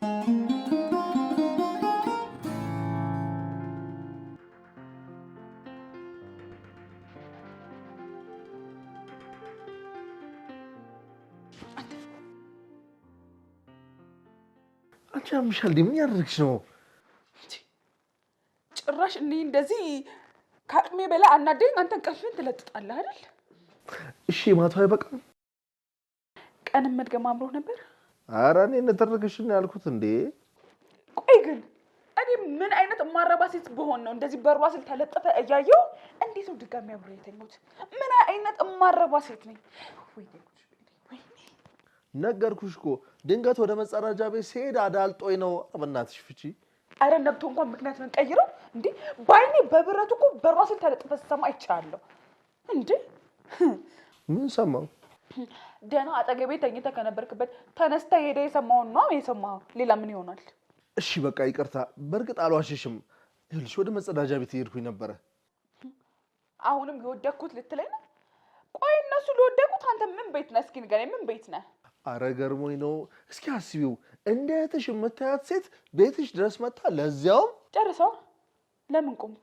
አንቺ አምሻል ምን ያደረግሽ ነው? ጭራሽ እኔ እንደዚህ ከአቅሜ በላይ አናደኝ። አንተ እንቅልፍህን ትለጥጣለህ አይደል? እሺ ማታ አይበቃም? ቀንም መድገም አምሮህ ነበር። ኧረ እኔ እንደተረገሽ ያልኩት እንዴ። ቆይ ግን እኔ ምን አይነት ማረባ ሴት በሆን ነው እንደዚህ በሯ ስል ተለጠፈ እያየው እንዴት ነው ድጋሚ አብሮ የተኙት? ምን አይነት ማረባ ሴት ነኝ? ነገርኩሽ እኮ ድንገት ወደ መጸዳጃ ቤት ስሄድ አዳልጦኝ ነው። በእናትሽ ፍቺ። አረ ነብቶ እንኳን ምክንያት ምን ቀይረው እንዴ? በአይኔ በብረቱ እኮ በርባ ስል ተለጠፈ ሰማ አይቻለሁ እንዴ። ምን ሰማው? ደህና አጠገቤ ተኝተ ከነበርክበት ተነስተ ሄደ የሰማውን ነው የሰማው። ሌላ ምን ይሆናል? እሺ በቃ ይቅርታ። በእርግጥ አልዋሸሽም። ይኸውልሽ ወደ መጸዳጃ ቤት ሄድኩኝ ነበረ። አሁንም የወደኩት ልትለኝ ነው? ቆይ እነሱ ለወደቁት አንተ ምን ቤት ነህ? እስኪ ንገረኝ፣ ምን ቤት ነህ? አረ ገርሞኝ ነው። እስኪ አስቢው፣ እንደ እህትሽ የምታያት ሴት ቤትሽ ድረስ መጣ። ለዚያውም ጨርሰው። ለምን ቆምክ?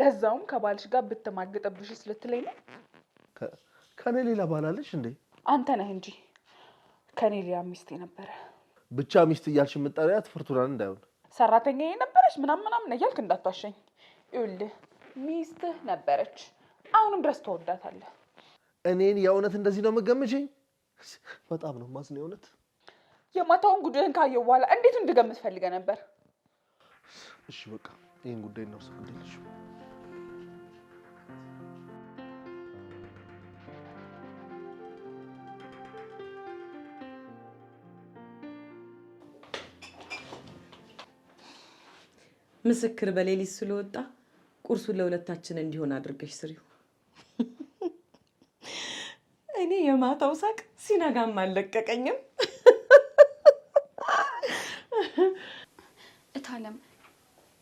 ለዛውም ከባልሽ ጋር ብትማግጠብሽ ልትለኝ ነው? ከኔ ሌላ ባላለሽ እንዴ? አንተ ነህ እንጂ ከኔ ሌላ ሚስት ነበረ። ብቻ ሚስት እያልሽ የምጠሪያት ፍርቱናን እንዳይሆን ሰራተኛ የነበረች ምናምን ምናምን እያልክ እንዳታሸኝ። ይኸውልህ ሚስትህ ነበረች፣ አሁንም ድረስ ትወዳታለህ። እኔን የእውነት እንደዚህ ነው የምትገምችኝ? በጣም ነው ማዝን። የእውነት የማታውን ጉዳይን ካየሁ በኋላ እንዴት እንድገምት ፈልገ ነበር? እሺ በቃ ይህን ጉዳይ እናውሰ ምስክር በሌሊት ስለወጣ ቁርሱን ለሁለታችን እንዲሆን አድርገሽ ስሪው። እኔ የማታው ሳቅ ሲነጋም አልለቀቀኝም። እታለም፣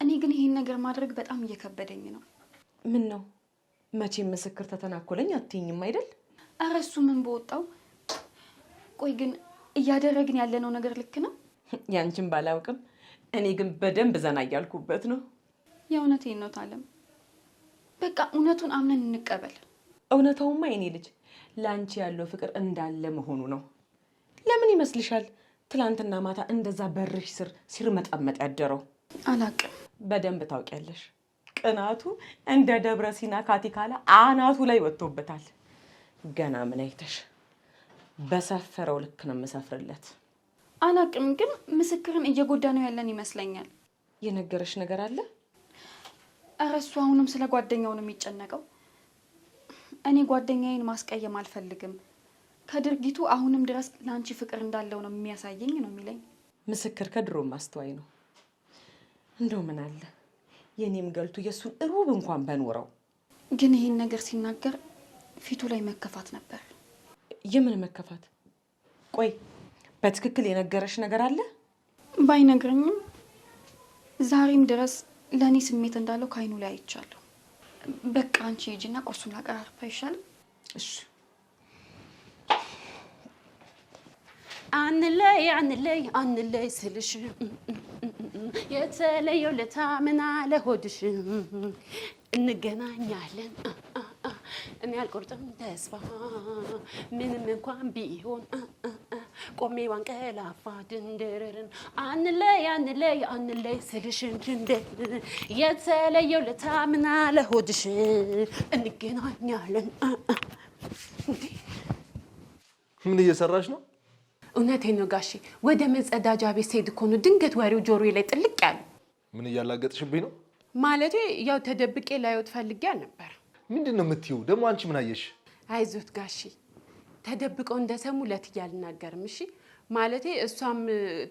እኔ ግን ይሄን ነገር ማድረግ በጣም እየከበደኝ ነው። ምን ነው መቼም ምስክር ተተናኮለኝ አትይኝም አይደል? እረ እሱ ምን በወጣው። ቆይ ግን እያደረግን ያለነው ነገር ልክ ነው? ያንቺን ባላውቅም እኔ ግን በደንብ ዘና እያልኩበት ነው። የእውነቴን ነው ታለም፣ በቃ እውነቱን አምነን እንቀበል። እውነታውማ የኔ ልጅ ለአንቺ ያለው ፍቅር እንዳለ መሆኑ ነው። ለምን ይመስልሻል ትላንትና ማታ እንደዛ በርሽ ስር ሲርመጠመጥ ያደረው? አላቅም። በደንብ ታውቂያለሽ። ቅናቱ እንደ ደብረ ሲና ካቲካላ አናቱ ላይ ወጥቶበታል። ገና ምን አይተሽ? በሰፈረው ልክ ነው የምሰፍርለት። አላቅም፣ ግን ምስክርን እየጎዳ ነው ያለን ይመስለኛል። የነገረሽ ነገር አለ? እረ እሱ አሁንም ስለ ጓደኛው ነው የሚጨነቀው። እኔ ጓደኛዬን ማስቀየም አልፈልግም። ከድርጊቱ አሁንም ድረስ ለአንቺ ፍቅር እንዳለው ነው የሚያሳየኝ ነው የሚለኝ። ምስክር ከድሮም አስተዋይ ነው። እንደው ምን አለ የእኔም ገልቱ የእሱን እሩብ እንኳን በኖረው። ግን ይህን ነገር ሲናገር ፊቱ ላይ መከፋት ነበር። የምን መከፋት? ቆይ በትክክል የነገረሽ ነገር አለ? ባይነግረኝም ዛሬም ድረስ ለእኔ ስሜት እንዳለው ከአይኑ ላይ አይቻለሁ። በቃ አንቺ ሂጂና ቁርሱን አቀራርባ ይሻልም። እሺ አንለይ አንለይ አንለይ ስልሽ የተለየው ለታ ለሆድሽ እንገናኛለን እኔ አልቆርጥም ተስፋ ምንም እንኳን ቢሆን ቆሜ ዋንቀላፋ ድንድርን አንለይ አንለይ አንለይ ስልሽን ድንድር የተለየው ለታምና ለሆድሽ እንገናኛለን። ምን እየሰራሽ ነው? እውነቴን ነው ጋሺ ወደ መጸዳጃ ቤት ስሄድ እኮ ነው ድንገት ወሬው ጆሮዬ ላይ ጥልቅ ያሉ። ምን እያላገጥሽብኝ ነው? ማለቴ ያው ተደብቄ ላይወት ፈልጌ አልነበረ ምንድን ነው የምትይው? ደግሞ አንቺ ምን አየሽ? አይዞት ጋሺ፣ ተደብቀው እንደሰሙ ለትዬ አልናገርም። እሺ ማለቴ እሷም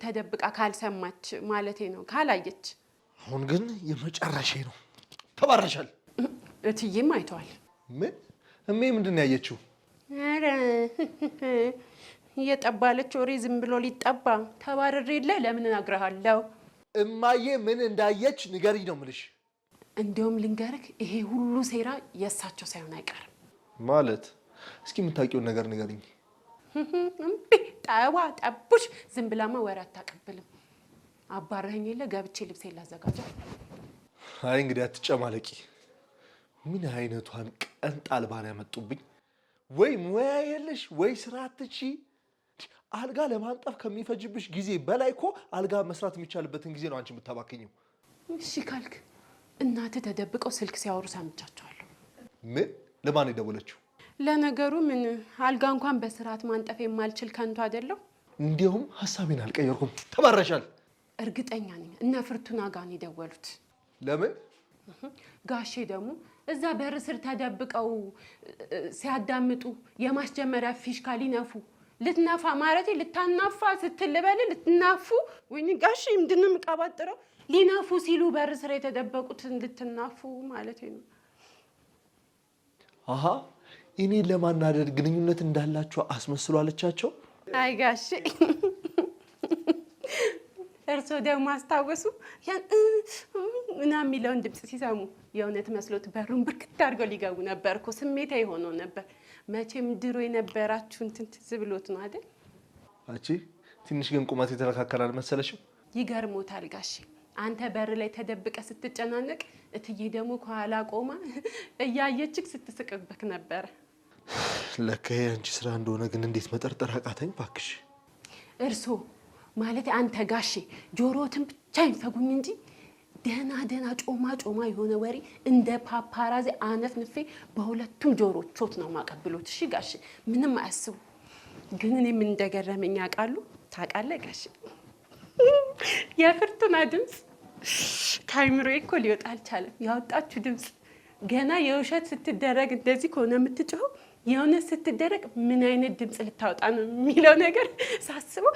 ተደብቃ ካልሰማች ማለቴ ነው፣ ካላየች። አሁን ግን የመጨረሻ ነው። ተባረሻል። እትዬም አይተዋል። ምን እሜ ምንድን ነው ያየችው? ኧረ እየጠባለች ወሬ ዝም ብሎ ሊጠባ ተባረሬለ ለምን እነግርሃለሁ። እማዬ ምን እንዳየች ንገሪ ነው የምልሽ እንዲያውም ልንገርክ፣ ይሄ ሁሉ ሴራ የእሳቸው ሳይሆን አይቀርም። ማለት እስኪ የምታውቂውን ነገር ንገርኝ። እምቢ ጠባ ጠቡሽ። ዝም ብላማ ወሬ አታቀብልም። አባረኸኝ የለ ገብቼ ልብሴ ላዘጋጀ። አይ እንግዲህ አትጨማለቂ። ምን አይነቷን ቀን ጣልባን ያመጡብኝ። ወይ ሙያ የለሽ ወይ ስራ አትቺ። አልጋ ለማንጠፍ ከሚፈጅብሽ ጊዜ በላይ እኮ አልጋ መስራት የሚቻልበትን ጊዜ ነው አንቺ የምታባክኘው። እሺ ካልክ እናትህ ተደብቀው ስልክ ሲያወሩ ሰምቻቸዋለሁ። ምን? ለማን የደወለችው? ለነገሩ ምን አልጋ እንኳን በስርዓት ማንጠፍ የማልችል ከንቱ አይደለሁ። እንዲሁም ሀሳቤን አልቀየርኩም። ተባረሻል። እርግጠኛ ነኝ እነ ፍርቱና ጋን ነው የደወሉት። ለምን? ጋሼ ደግሞ እዛ በር ስር ተደብቀው ሲያዳምጡ የማስጀመሪያ ፊሽካ ሊነፉ ልትነፋ ማለቴ ልታናፋ ስትል በል ልትናፉ ወይ ጋሼ ምንድን ነው የምቀባጥረው ሊነፉ ሲሉ በር ስር የተደበቁት እንድትናፉ ማለት ነው። አሀ እኔ ለማናደድ ግንኙነት እንዳላቸው አስመስሎ አለቻቸው። አይ ጋሼ እርስዎ ደግሞ አስታወሱ ምና የሚለውን ድምፅ ሲሰሙ የእውነት መስሎት በሩን ብርክት አድርገው ሊገቡ ነበር እኮ። ስሜታ የሆነው ነበር። መቼም ድሮ የነበራችሁ እንትን ትዝ ብሎት ነው አይደል? አቺ ትንሽ ግን ቁመት የተለካከለ አልመሰለሽም? ይገርሞታል ጋሼ አንተ በር ላይ ተደብቀ ስትጨናነቅ እትዬ ደግሞ ከኋላ ቆማ እያየችክ ስትስቅብክ ነበር ለካ የአንቺ ስራ እንደሆነ ግን እንዴት መጠርጠር አቃተኝ ባክሽ። እርሶ ማለት አንተ ጋሼ ጆሮትን ብቻ ይንፈጉኝ እንጂ ደህና ደህና ጮማ ጮማ የሆነ ወሬ እንደ ፓፓራዚ አነፍንፌ በሁለቱም ጆሮቾት ነው ማቀብሎት። እሺ ጋሽ ምንም አያስቡ። ግን እኔ ምን እንደገረመኝ ያውቃሉ? ታውቃለህ ጋሼ የፍርቱና ድምፅ ታይምሮ እኮ ሊወጣ አልቻለም። ያወጣችሁ ድምፅ ገና የውሸት ስትደረግ እንደዚህ ከሆነ የምትጮኸው የእውነት ስትደረግ ምን አይነት ድምፅ ልታወጣ ነው የሚለው ነገር ሳስበው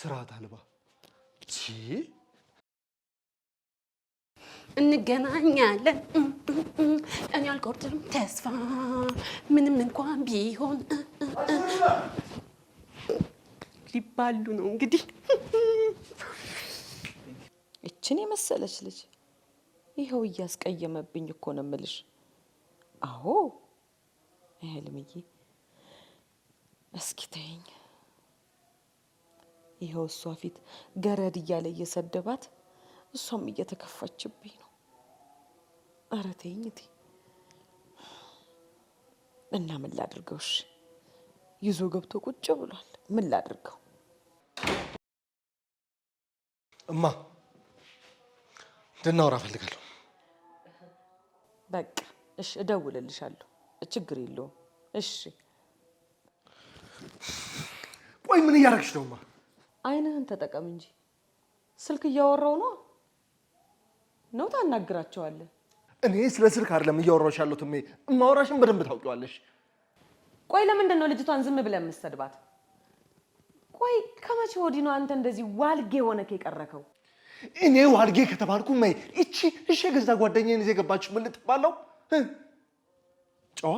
ስርዓት አልባ እንገናኛለን። እኔ አልቆርጥም ተስፋ ምንም እንኳን ቢሆን ሊባሉ ነው እንግዲህ። እችን የመሰለች ልጅ ይኸው እያስቀየመብኝ እኮ ነው እምልሽ። አዎ ህልምዬ፣ እስኪ ተይኝ። ይኸው እሷ ፊት ገረድ እያለ እየሰደባት እሷም እየተከፋችብኝ ነው። ኧረ ተይኝ እቴ። እና ምን ላድርገው? እሺ ይዞ ገብቶ ቁጭ ብሏል። ምን ላድርገው? እማ እንድናወራ አፈልጋለሁ በቃ እሺ፣ እደውልልሻለሁ። ችግር የለውም። እሺ። ቆይ ምን እያደረግሽ ነው? እማ አይንህን ተጠቀም እንጂ ስልክ እያወራው ነው ነው ታናግራቸዋለህ። እኔ ስለ ስልክ አይደለም እያወራሽ ያለሁት እማወራሽን በደንብ ታውቂዋለሽ። ቆይ ለምንድን ነው ልጅቷን ዝም ብለን የምትሰድባት? ቆይ ከመቼ ወዲህ ነው አንተ እንደዚህ ዋልጌ ሆነህ የቀረከው? እኔ ዋልጌ ከተባልኩ መይ እቺ እሺ ገዛ ጓደኛዬን ይዘህ የገባችሁ ምን ልትባለው ጨዋ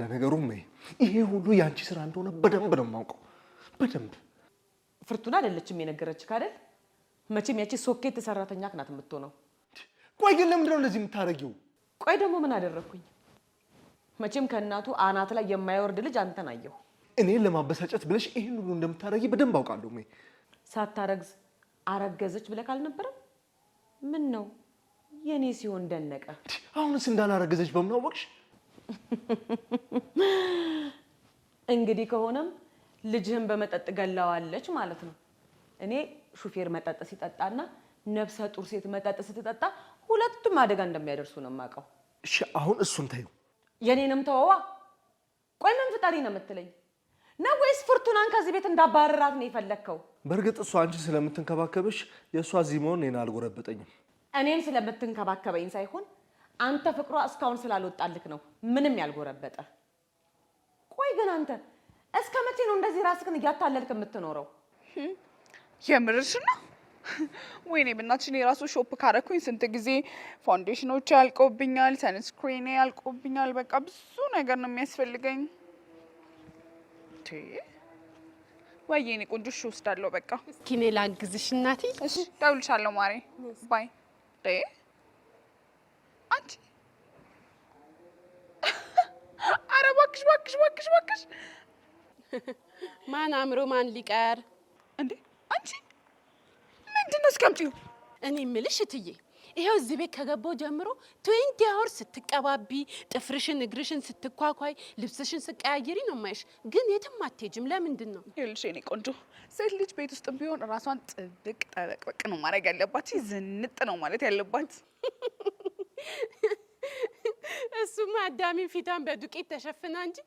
ለነገሩ መይ ይሄ ሁሉ የአንቺ ስራ እንደሆነ በደንብ ነው የማውቀው። በደንብ ፍርቱና አይደለችም የነገረች አይደል? መቼም ያቺ ሶኬት ሰራተኛ ናት የምትሆነው። ቆይ ግን ለምንድነው እንደዚህ የምታደርጊው? ቆይ ደግሞ ምን አደረግኩኝ? መቼም ከእናቱ አናት ላይ የማይወርድ ልጅ አንተን አየሁ። እኔን ለማበሳጨት ብለሽ ይህን ሁሉ እንደምታረጊ በደንብ አውቃለሁ። ሜ ሳታረግዝ አረገዘች ብለህ ካልነበረም ምን ነው የእኔ ሲሆን ደነቀ። አሁንስ እንዳላረገዘች በምን አወቅሽ? እንግዲህ ከሆነም ልጅህን በመጠጥ ገላዋለች ማለት ነው። እኔ ሹፌር መጠጥ ሲጠጣና ነፍሰ ጡር ሴት መጠጥ ስትጠጣ ሁለቱም አደጋ እንደሚያደርሱ ነው የማውቀው። እሺ አሁን እሱን ተይው፣ የኔንም ተወዋ። ቆይ ምን ፍጠሪ ነው የምትለኝ? ነው ወይስ ፍርቱናን ከዚህ ቤት እንዳባረራት ነው የፈለግከው? በእርግጥ እሷ አንቺ ስለምትንከባከብሽ የእሷ እዚህ መሆን እኔን አልጎረበጠኝም። እኔን ስለምትንከባከበኝ ሳይሆን አንተ ፍቅሯ እስካሁን ስላልወጣልክ ነው ምንም ያልጎረበጠ። ቆይ ግን አንተ እስከ መቼ ነው እንደዚህ ራስክን እያታለልክ የምትኖረው? የምርሽ ነው? ወይኔ ብናችን የራሱ ሾፕ ካረኩኝ ስንት ጊዜ ፋውንዴሽኖች ያልቆብኛል፣ ሰንስክሪኔ ያልቆብኛል። በቃ ብዙ ነገር ነው የሚያስፈልገኝ ወይ የኔ ቆንጆ እሺ፣ እወስዳለሁ። በቃ ኪኔ ላግዝሽ እናቴ። እሺ፣ እደውልልሻለሁ ማሬ። ባይ አንቺ ኧረ እባክሽ እባክሽ እባክሽ እባክሽ! ማን አእምሮ ማን ሊቀር እንዴ! አንቺ ምንድን ነው እስከምጪው። እኔ የምልሽ እትዬ ይሄው እዚህ ቤት ከገባው ጀምሮ ትዌንቲ አወር ስትቀባቢ፣ ጥፍርሽን፣ እግርሽን ስትኳኳይ፣ ልብስሽን ስቀያየሪ ነው ማይሽ። ግን የትም አትሄጂም። ለምንድን ነው? ይኸውልሽ የኔ ቆንጆ ሴት ልጅ ቤት ውስጥ ቢሆን ራሷን ጥብቅ ጠበቅበቅ ነው ማድረግ ያለባት፣ ዝንጥ ነው ማለት ያለባት። እሱም አዳሚ ፊቷን በዱቄት ተሸፍና እንጂ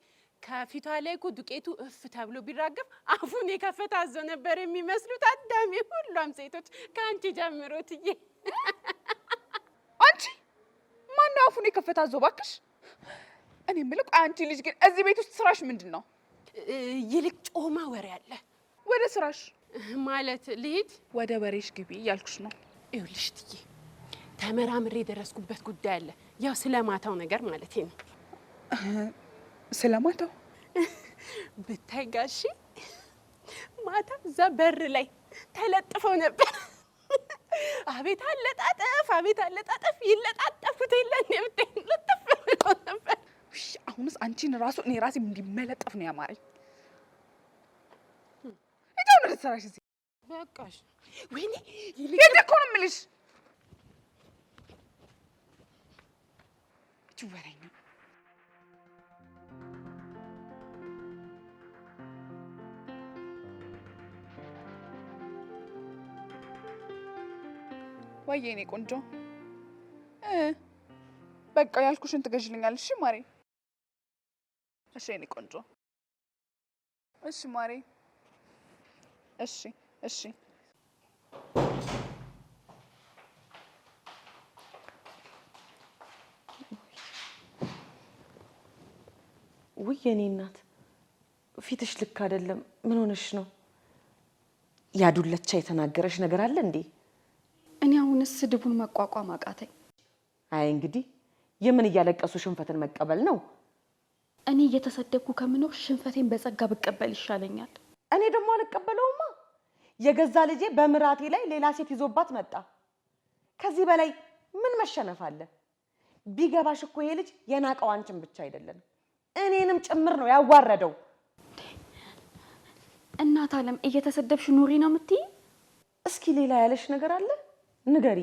ከፊቷ ላይ እኮ ዱቄቱ እፍ ተብሎ ቢራገፍ አፉን የከፈተ አዞ ነበር የሚመስሉት። አዳሚ ሁሏም ሴቶች ከአንቺ ጀምሮትዬ። አፉን የከፈታ ዞ እባክሽ። እኔ የምልህ አንቺ ልጅ ግን እዚህ ቤት ውስጥ ስራሽ ምንድን ነው? ይልቅ ጮማ ወሬ አለ። ወደ ስራሽ ማለት ልሂድ? ወደ ወሬሽ ግቢ እያልኩሽ ነው። ይኸውልሽ ትዬ ተመራምሬ የደረስኩበት ጉዳይ አለ። ያው ስለማታው ነገር ማለት ነው። ስለማታው ብታይ ጋሺ ማታ እዛ በር ላይ ተለጥፈው ነበር አቤት አለጣጠፍ፣ አቤት አለጣጠፍ። ይለጣጠፉት የለ ብታይ ነበር። አሁንስ አንቺን ራሱ እኔ ራሴ እንዲመለጠፍ ነው ያማረኝ። እጃው ልትሰራሽ እዚህ በቃሽ። ወይኔ እኮ ነው የምልሽ ወይ የኔ ቆንጆ በቃ ያልኩሽን ትገዥልኛለሽ? እሺ ማሬ። እሺ የኔ ቆንጆ። እሺ ማሬ። እሺ እሺ። ውይ የኔ እናት ፊትሽ ልክ አይደለም። ምን ሆነሽ ነው? ያዱለቻ የተናገረሽ ነገር አለ እንዴ? እኔ አሁንስ ስድቡን መቋቋም አቃተኝ። አይ እንግዲህ የምን እያለቀሱ ሽንፈትን መቀበል ነው። እኔ እየተሰደብኩ ከምኖር ሽንፈቴን በጸጋ ብቀበል ይሻለኛል። እኔ ደግሞ አልቀበለውማ። የገዛ ልጄ በምራቴ ላይ ሌላ ሴት ይዞባት መጣ። ከዚህ በላይ ምን መሸነፍ አለ? ቢገባሽ እኮ ይሄ ልጅ የናቀው አንቺን ብቻ አይደለም እኔንም ጭምር ነው ያዋረደው። እናት አለም እየተሰደብሽ ኑሪ ነው የምትይ? እስኪ ሌላ ያለሽ ነገር አለ? ንገሪ።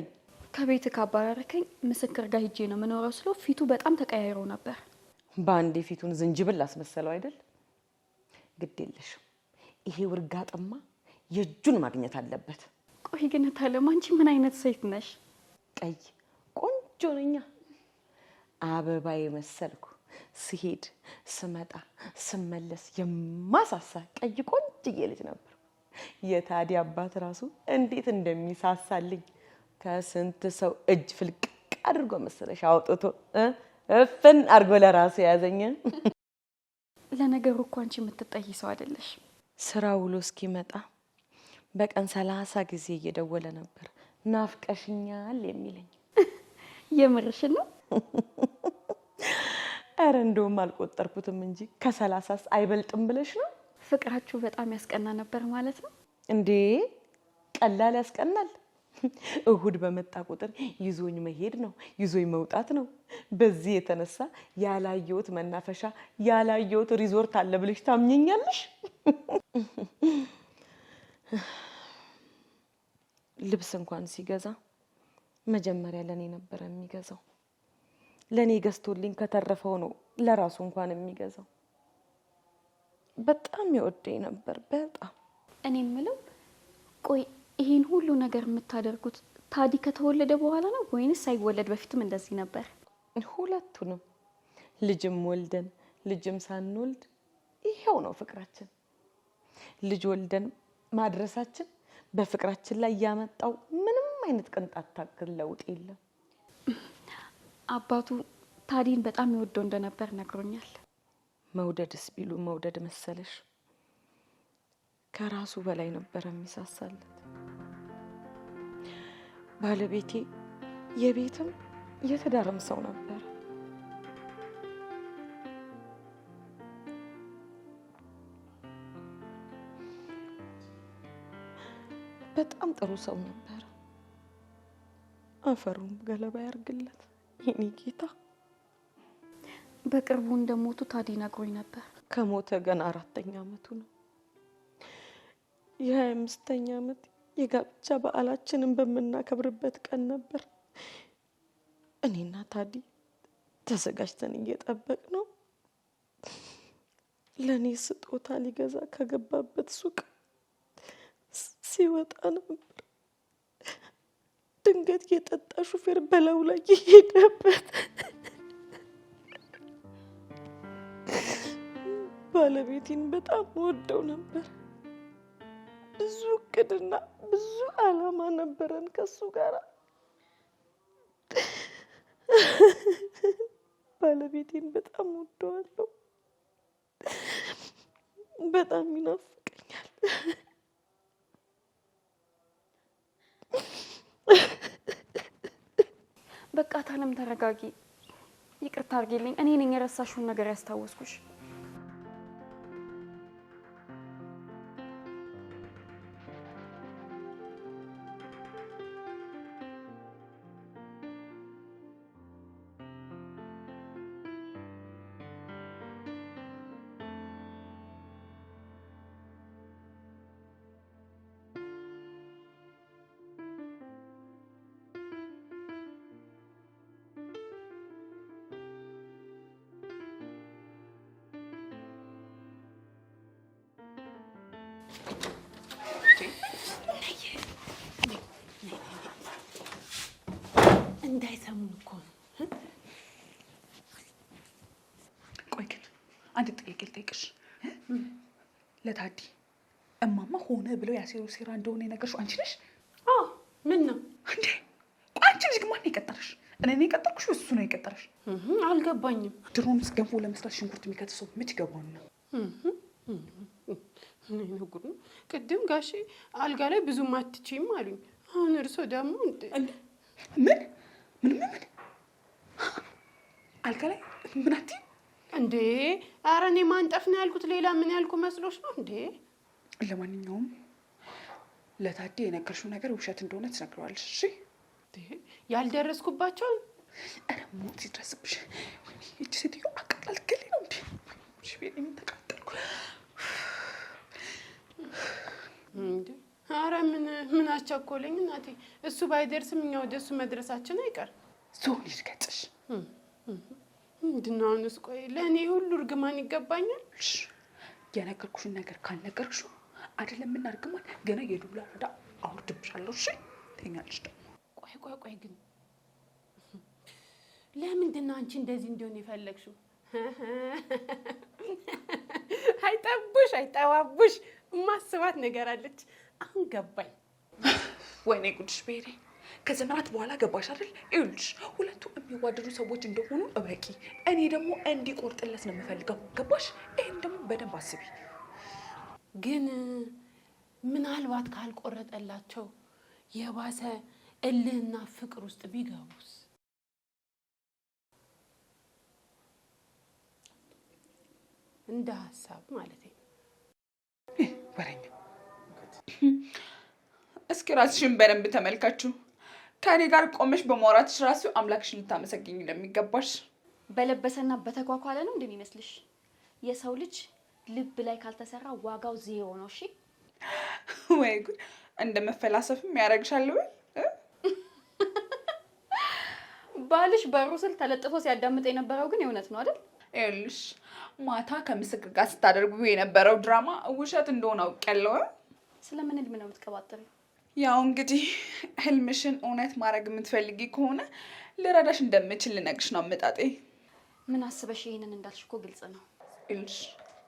ከቤት ካባረርከኝ ምስክር ጋር ሂጄ ነው የምኖረው ስሎ ፊቱ በጣም ተቀያይሮ ነበር። በአንዴ ፊቱን ዝንጅብል አስመሰለው አይደል? ግድ የለሽም ይሄ ውርጋጥማ የእጁን ማግኘት አለበት። ቆይ ግን ታለም አንቺ ምን አይነት ሴት ነሽ? ቀይ ቆንጆ ነኛ አበባ የመሰልኩ ስሄድ ስመጣ ስመለስ የማሳሳ ቀይ ቆንጅዬ ልጅ ነበር። የታዲ አባት ራሱ እንዴት እንደሚሳሳልኝ ከስንት ሰው እጅ ፍልቅቅ አድርጎ መሰለሽ አውጥቶ እፍን አድርጎ ለራሱ የያዘኝ። ለነገሩ እኮ አንቺ የምትጠይ ሰው አይደለሽ። ስራ ውሎ እስኪመጣ በቀን ሰላሳ ጊዜ እየደወለ ነበር ናፍቀሽኛል የሚለኝ። የምርሽን ነው? ኧረ እንደውም አልቆጠርኩትም እንጂ ከሰላሳስ አይበልጥም ብለሽ ነው። ፍቅራችሁ በጣም ያስቀና ነበር ማለት ነው እንዴ? ቀላል ያስቀናል። እሁድ በመጣ ቁጥር ይዞኝ መሄድ ነው፣ ይዞኝ መውጣት ነው። በዚህ የተነሳ ያላየሁት መናፈሻ ያላየሁት ሪዞርት አለ ብለሽ ታምኘኛለሽ? ልብስ እንኳን ሲገዛ መጀመሪያ ለእኔ ነበረ የሚገዛው። ለእኔ ገዝቶልኝ ከተረፈው ነው ለራሱ እንኳን የሚገዛው። በጣም የወደኝ ነበር። በጣም እኔ የምለው ቆይ ይሄን ሁሉ ነገር የምታደርጉት ታዲ ከተወለደ በኋላ ነው ወይንስ ሳይወለድ በፊትም እንደዚህ ነበር? ሁለቱንም ልጅም ወልደን ልጅም ሳንወልድ ይሄው ነው ፍቅራችን። ልጅ ወልደን ማድረሳችን በፍቅራችን ላይ ያመጣው ምንም አይነት ቅንጣት ታክል ለውጥ የለም። አባቱ ታዲን በጣም ይወደው እንደነበር ነግሮኛል። መውደድስ ቢሉ መውደድ መሰለሽ ከራሱ በላይ ነበረ የሚሳሳለት። ባለቤቴ የቤትም የትዳርም ሰው ነበር። በጣም ጥሩ ሰው ነበር። አፈሩም ገለባ ያርግለት የኔ ጌታ። በቅርቡ እንደሞቱ ታዲ ነግሮኝ ነበር። ከሞተ ገና አራተኛ አመቱ ነው። የሀያ አምስተኛ አመት የጋብቻ በዓላችንን በምናከብርበት ቀን ነበር። እኔና ታዲ ተዘጋጅተን እየጠበቅ ነው። ለእኔ ስጦታ ሊገዛ ከገባበት ሱቅ ሲወጣ ነበር። ድንገት የጠጣ ሹፌር በላዩ ላይ የሄደበት ባለቤቴን በጣም ወደው ነበር። ብዙ እቅድና ብዙ አላማ ነበረን ከሱ ጋር። ባለቤቴን በጣም ወደዋለሁ። በጣም ይናፍቀኛል። በቃ ታለም ተረጋጊ፣ ይቅርታ አድርጊልኝ። እኔ ነኝ የረሳሽውን ነገር ያስታወስኩሽ። ያሴሩ ሴራ እንደሆነ የነገርሽው አንቺ ነሽ? ምን ነው እንዴ? አንቺ ልጅ ግን ማነው የቀጠረሽ? እኔ ነው የቀጠርኩሽ? እሱ ነው የቀጠረሽ? አልገባኝም። ድሮምስ ገንፎ ለመስራት ሽንኩርት የሚከት ሰው ምች ገባን ነው ነጉር ነው። ቅድም ጋሼ አልጋ ላይ ብዙ ማትችም አሉኝ። አሁን እርሶ ደግሞ ምን ምን ምን አልጋ ላይ ምን አትይም እንዴ? ኧረ እኔ ማንጠፍ ነው ያልኩት። ሌላ ምን ያልኩ መስሎች ነው እንዴ? ለማንኛውም ለታዴ የነገርሽው ነገር ውሸት እንደሆነ ትነግረዋለሽ። እሺ ያልደረስኩባቸውን ኧረ ሞት ይድረስብሽ። እቺ ሴትዮ አቃጣል ገሌ ነው እንዴ? ተቃጠልኩ። አረ ምን ምን አስቸኮለኝ እናቴ። እሱ ባይደርስም እኛ ወደ እሱ መድረሳችን አይቀር። ዞን ይድገጽሽ። ምንድን ነው ቆይ ለእኔ ሁሉ እርግማን ይገባኛል? የነገርኩሽን ነገር ካልነገርሽው አይደለም የምናርግማል። ገና የዱላ ረዳ አውርድብሻለሁ። እሺ ተኛልሽ። ደግሞ ቆይ ቆይ ቆይ ግን ለምንድን ነው አንቺ እንደዚህ እንዲሆን የፈለግሽው? አይጠቡሽ አይጠባቡሽ ማስባት ነገር አለች። አሁን ገባኝ። ወይኔ ጉድሽ ብሄሬ ከዘመናት በኋላ ገባሽ አይደል? ይኸውልሽ ሁለቱ የሚዋደዱ ሰዎች እንደሆኑ እበቂ። እኔ ደግሞ እንዲቆርጥለት ነው የምፈልገው። ገባሽ? ይህን ደግሞ በደንብ አስቢ። ግን ምናልባት ካልቆረጠላቸው የባሰ እልህና ፍቅር ውስጥ ቢገቡስ? እንደ ሀሳብ ማለት ነው። ወረኛ እስኪ ራስሽን በደንብ ተመልካችሁ ከእኔ ጋር ቆመሽ በማውራትሽ ራሱ አምላክሽን ልታመሰግኝ እንደሚገባሽ በለበሰና በተኳኳለ ነው እንደሚመስልሽ የሰው ልጅ ልብ ላይ ካልተሰራ ዋጋው ዜሮ ነው። እሺ ወይ ጉድ! እንደ መፈላሰፍም ያደርግሻል። ባልሽ በሩ ስል ተለጥፎ ሲያዳምጥ የነበረው ግን የእውነት ነው አይደል? ይኸውልሽ ማታ ከምስክር ጋር ስታደርጉ የነበረው ድራማ ውሸት እንደሆነ አውቄያለሁ። ስለምን ህልም ነው የምትቀባጥሪው? ያው እንግዲህ ህልምሽን እውነት ማድረግ የምትፈልጊ ከሆነ ልረዳሽ እንደምችል ልነግርሽ ነው አመጣጤ። ምን አስበሽ ይሄንን እንዳልሽ እኮ ግልጽ ነው። ይኸውልሽ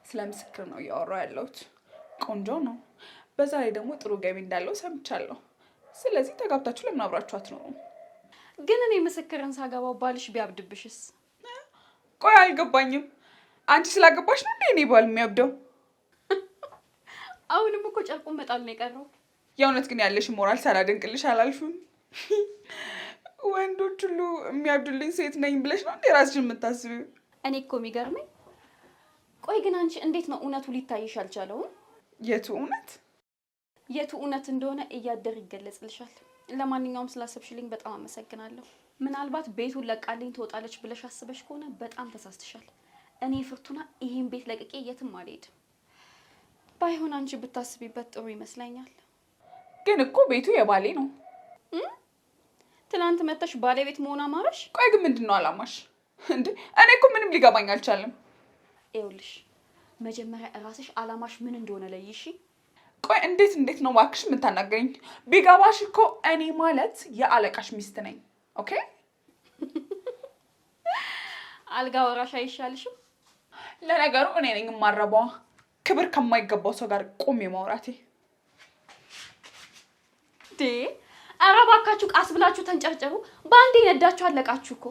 ስለ ምስክር ነው እያወራሁ ያለሁት። ቆንጆ ነው። በዛ ላይ ደግሞ ጥሩ ገቢ እንዳለው ሰምቻለሁ። ስለዚህ ተጋብታችሁ ለምን አብራችሁ አትኖሩም? ግን እኔ ምስክርን ሳገባው ባልሽ ቢያብድብሽስ? ቆይ አልገባኝም። አንቺ ስላገባሽ ነው እንዴ እኔ ባል የሚያብደው? አሁንም እኮ ጨርቁ መጣል ነው የቀረው። የእውነት ግን ያለሽ ሞራል ሳላደንቅልሽ አላልፍም። ወንዶች ሁሉ የሚያብዱልኝ ሴት ነኝ ብለሽ ነው እንዴ ራስሽን የምታስብ? እኔ እኮ የሚገርመኝ ቆይ ግን አንቺ እንዴት ነው እውነቱ ሊታይሽ አልቻለውም? የቱ እውነት የቱ እውነት እንደሆነ እያደር ይገለጽልሻል። ለማንኛውም ስላሰብሽልኝ በጣም አመሰግናለሁ። ምናልባት ቤቱን ለቃልኝ ትወጣለች ብለሽ አስበሽ ከሆነ በጣም ተሳስተሻል። እኔ ፍርቱና ይህን ቤት ለቅቄ የትም አልሄድም። ባይሆን አንቺ ብታስቢበት ጥሩ ይመስለኛል። ግን እኮ ቤቱ የባሌ ነው። ትናንት መተሽ ባሌ ቤት መሆን አማረሽ? ቆይ ግን ምንድን ነው አላማሽ? እንዴ እኔ እኮ ምንም ሊገባኝ አልቻለም። ይኸውልሽ መጀመሪያ እራስሽ አላማሽ ምን እንደሆነ ለይሺ ቆይ እንዴት እንዴት ነው እባክሽ የምታናገኝ ቢገባሽ እኮ እኔ ማለት የአለቃሽ ሚስት ነኝ። ኦኬ አልጋ ወራሽ አይሻልሽም? ለነገሩ እኔ ነኝ የማረባዋ። ክብር ከማይገባው ሰው ጋር ቆሜ ማውራቴ። ኧረ እባካችሁ ቃስ ብላችሁ ተንጨርጨሩ። በአንዴ ነዳችሁ አለቃችሁ እኮ።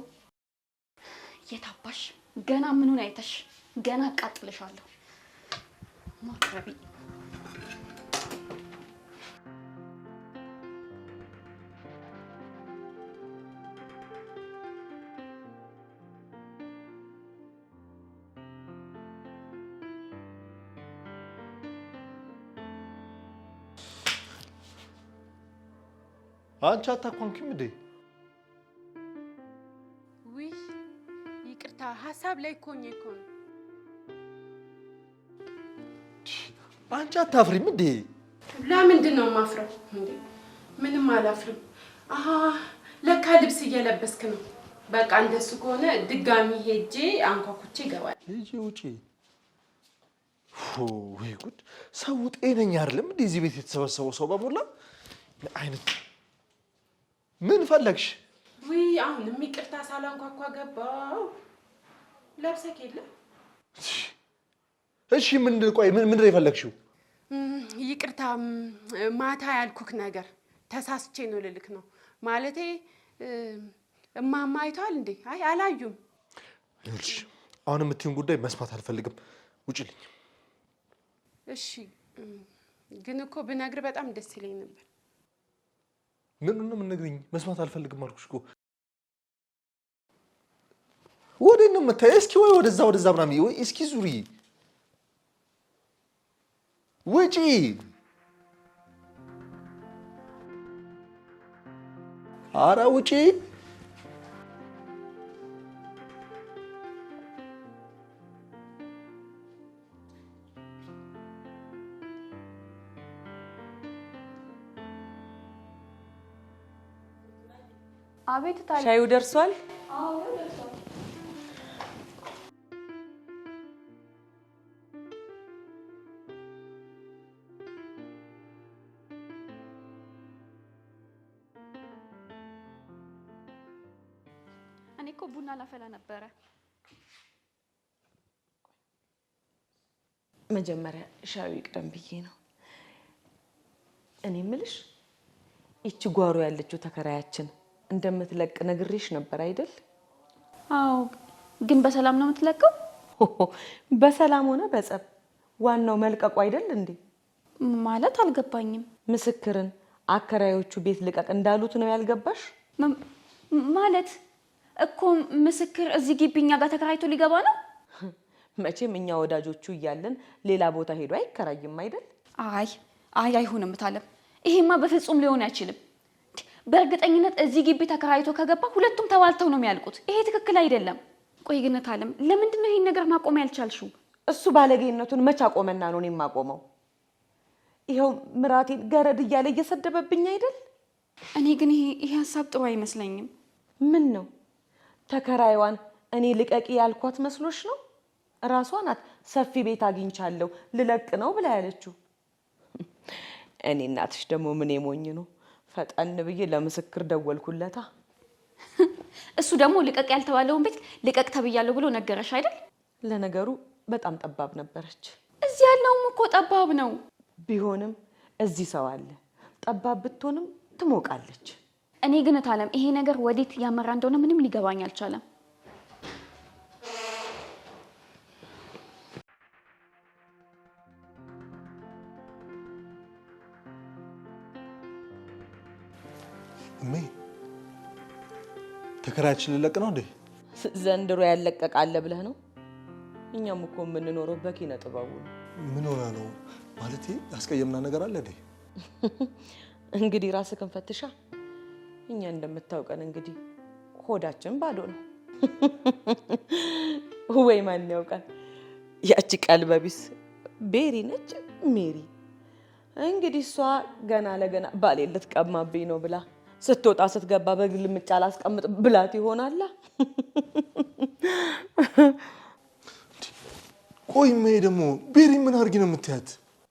የታባሽ ገና ምኑን አይተሽ ገና አቃጥልሻለሁ። ማቅረቢ አንቺ አታኮንኪም እንዴ? ውይ ይቅርታ፣ ሀሳብ ላይ ኮኝ እኮ አንቺ አታፍሪም እንዴ? ለምንድን ነው ማፍረው? ምንም አላፍርም። አሀ ለካ ልብስ እየለበስክ ነው። በቃ እንደሱ ከሆነ ድጋሚ ሄጄ አንኳኩቼ ይገባል። ሂጂ ውጪ። ወይ ጉድ! ሰው ጤነኛ አይደለም እንዴ? እዚህ ቤት የተሰበሰበው ሰው በሞላ አይነት ምን ፈለግሽ? ውይ አሁን የሚቅርታ ሳላንኳኳ ገባው። ለብሰክ የለም እሺ ምንድን ቆይ የፈለግሽው? ይቅርታ ማታ ያልኩክ ነገር ተሳስቼ ነው ልልክ ነው ማለቴ። እማማ አይተዋል እንዴ? አይ አላዩም። ይኸውልሽ አሁን የምትዩን ጉዳይ መስማት አልፈልግም። ውጭልኝ። እሺ ግን እኮ ብነግር በጣም ደስ ይለኝ ነበር። ምን ነው የምትነግሪኝ? መስማት አልፈልግም አልኩሽ እኮ። ወዴት ነው እስኪ ወይ ወደዛ ወደዛ ምናምን እስኪ ውጪ አረ ውጪ አቤት ታዲያ ሻዩ ደርሷል እኮ ቡና ላፈላ ነበረ። መጀመሪያ ሻዩ ይቅደም ብዬ ነው። እኔ ምልሽ ይቺ ጓሮ ያለችው ተከራያችን እንደምትለቅ ነግሬሽ ነበር አይደል? አዎ። ግን በሰላም ነው የምትለቀው? በሰላም ሆነ በጸብ ዋናው መልቀቁ አይደል እንዴ? ማለት አልገባኝም። ምስክርን አከራዮቹ ቤት ልቀቅ እንዳሉት ነው ያልገባሽ? ማለት እኮ ምስክር እዚህ ግቢ እኛ ጋር ተከራይቶ ሊገባ ነው። መቼም እኛ ወዳጆቹ እያለን ሌላ ቦታ ሄዶ አይከራይም አይደል? አይ አይ አይሆንም እታለም፣ ይሄማ በፍጹም ሊሆን አይችልም። በእርግጠኝነት እዚህ ግቢ ተከራይቶ ከገባ ሁለቱም ተባልተው ነው የሚያልቁት። ይሄ ትክክል አይደለም። ቆይ ግን እታለም፣ ለምንድን ነው ይሄን ነገር ማቆም ያልቻልሽው? እሱ ባለጌነቱን መች አቆመና ነው እኔም ማቆመው? ይኸው ምራቴን ገረድ እያለ እየሰደበብኝ አይደል? እኔ ግን ይሄ ሀሳብ ጥሩ አይመስለኝም። ምን ነው ተከራይዋን እኔ ልቀቂ ያልኳት መስሎሽ ነው? ራሷ ናት ሰፊ ቤት አግኝቻለሁ ልለቅ ነው ብላ ያለችው። እኔ እናትሽ ደግሞ ምን የሞኝ ነው። ፈጠን ብዬ ለምስክር ደወልኩለታ። እሱ ደግሞ ልቀቅ ያልተባለውን ቤት ልቀቅ ተብያለሁ ብሎ ነገረሽ አይደል? ለነገሩ በጣም ጠባብ ነበረች። እዚህ ያለውም እኮ ጠባብ ነው። ቢሆንም እዚህ ሰው አለ። ጠባብ ብትሆንም ትሞቃለች። እኔ ግን እታለም ይሄ ነገር ወዴት ያመራ እንደሆነ ምንም ሊገባኝ አልቻለም። እሜ ተከራያችን ልለቅ ነው እንዴ? ዘንድሮ ያለቀቃለ ብለህ ነው? እኛም እኮ የምንኖረው በኪነ ጥበቡ ነው። ምን ነው ማለት? አስቀየምና ነገር አለ እንዴ? እንግዲህ ራስህን ክንፈትሻ እኛ እንደምታውቀን እንግዲህ ሆዳችን ባዶ ነው። ወይ ማን ያውቃል? ያቺ ቀልበቢስ ቤሪ ነች ሜሪ። እንግዲህ እሷ ገና ለገና ባሌ ልትቀማብኝ ነው ብላ ስትወጣ ስትገባ በግልምጫ ላስቀምጥ ብላት ይሆናላ። ቆይ መሄ ደግሞ ቤሪ ምን አድርጊ ነው የምትያት?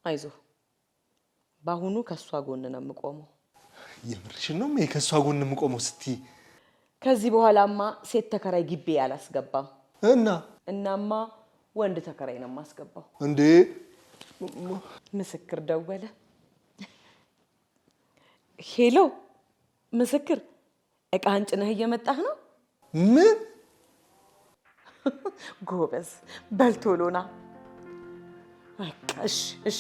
አይዞ በአሁኑ ከእሷ ጎን ነው የምቆመው። የምርሽን ነው ከእሷ ጎን የምቆመው ስትይ? ከዚህ በኋላማ ሴት ተከራይ ግቢ አላስገባም። እና እናማ ወንድ ተከራይ ነው የማስገባው። እንዴ ምስክር ደወለ። ሄሎ ምስክር፣ እቃህን ጭነህ እየመጣህ ነው? ምን ጎበዝ፣ በልቶሎና። በቃ እሺ፣ እሺ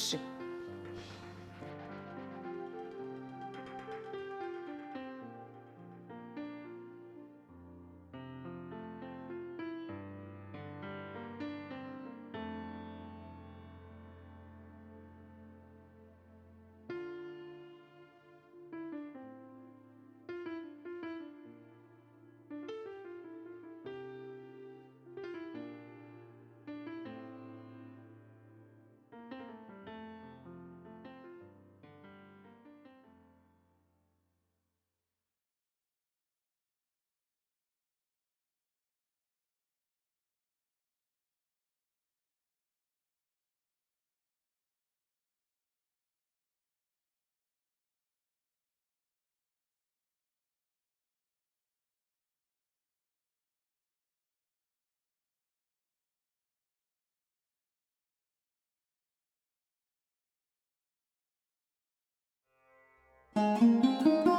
Thank you.